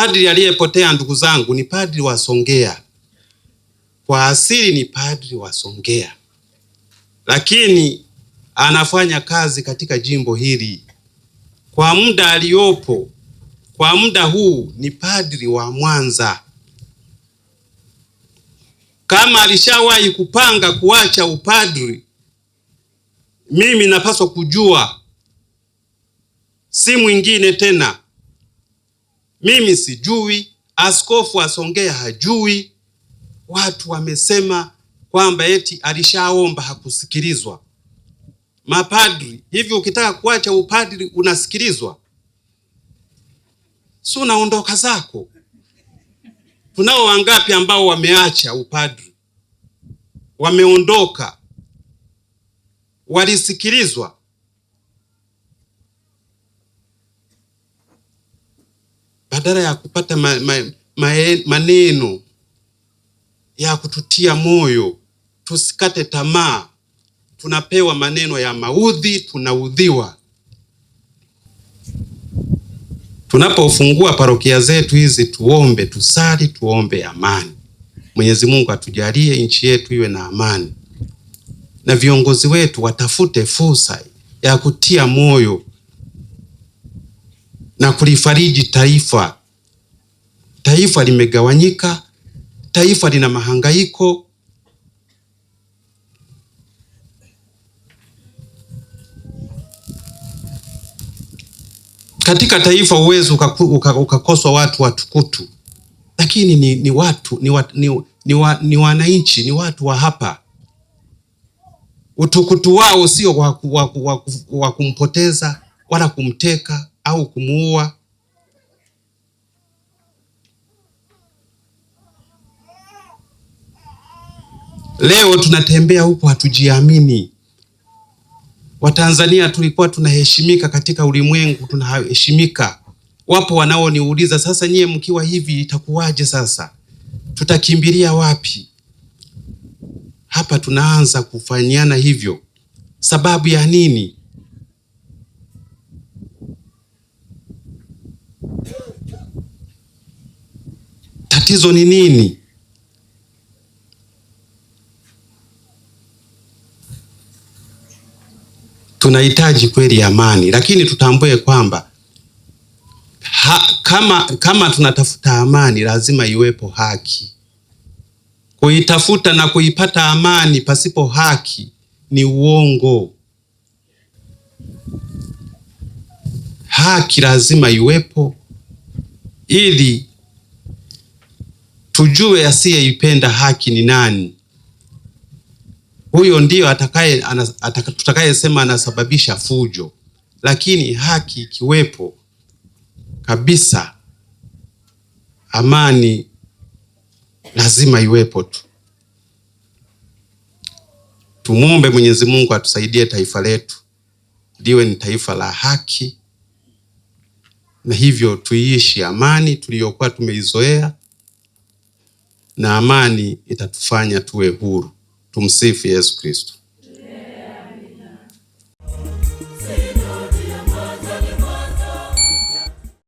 Padri aliyepotea ndugu zangu ni padri wa Songea, kwa asili ni padri wa Songea, lakini anafanya kazi katika jimbo hili kwa muda aliyopo, kwa muda huu ni padri wa Mwanza. Kama alishawahi kupanga kuacha upadri, mimi napaswa kujua, si mwingine tena mimi sijui, askofu asongea hajui. Watu wamesema kwamba eti alishaomba hakusikilizwa. Mapadri hivi, ukitaka kuacha upadri unasikilizwa? Si unaondoka zako. Tunao wangapi ambao wameacha upadri, wameondoka? Walisikilizwa? badala ya kupata ma, ma, ma, maneno ya kututia moyo tusikate tamaa, tunapewa maneno ya maudhi, tunaudhiwa. Tunapofungua parokia zetu hizi, tuombe, tusali, tuombe amani. Mwenyezi Mungu atujalie nchi yetu iwe na amani, na viongozi wetu watafute fursa ya kutia moyo na kulifariji taifa Taifa limegawanyika, taifa lina mahangaiko. Katika taifa uwezi ukakoswa watu watukutu, lakini ni, ni watu ni, wa, ni, ni, wa, ni wananchi ni watu wa hapa. Utukutu wao sio wa kumpoteza wala kumteka au kumuua. Leo tunatembea huku hatujiamini. Watanzania tulikuwa tunaheshimika katika ulimwengu, tunaheshimika. Wapo wanaoniuliza sasa, nyie mkiwa hivi itakuwaje? Sasa tutakimbilia wapi? Hapa tunaanza kufanyiana hivyo, sababu ya nini? Tatizo ni nini? tunahitaji kweli amani, lakini tutambue kwamba ha, kama, kama tunatafuta amani lazima iwepo haki. Kuitafuta na kuipata amani pasipo haki ni uongo. Haki lazima iwepo ili tujue asiyeipenda haki ni nani huyo ndiyo atakaye ataka, tutakayesema anasababisha fujo, lakini haki ikiwepo kabisa, amani lazima iwepo tu. Tumwombe Mwenyezi Mungu atusaidie taifa letu liwe ni taifa la haki, na hivyo tuiishi amani tuliyokuwa tumeizoea, na amani itatufanya tuwe huru. por Messias Cristo.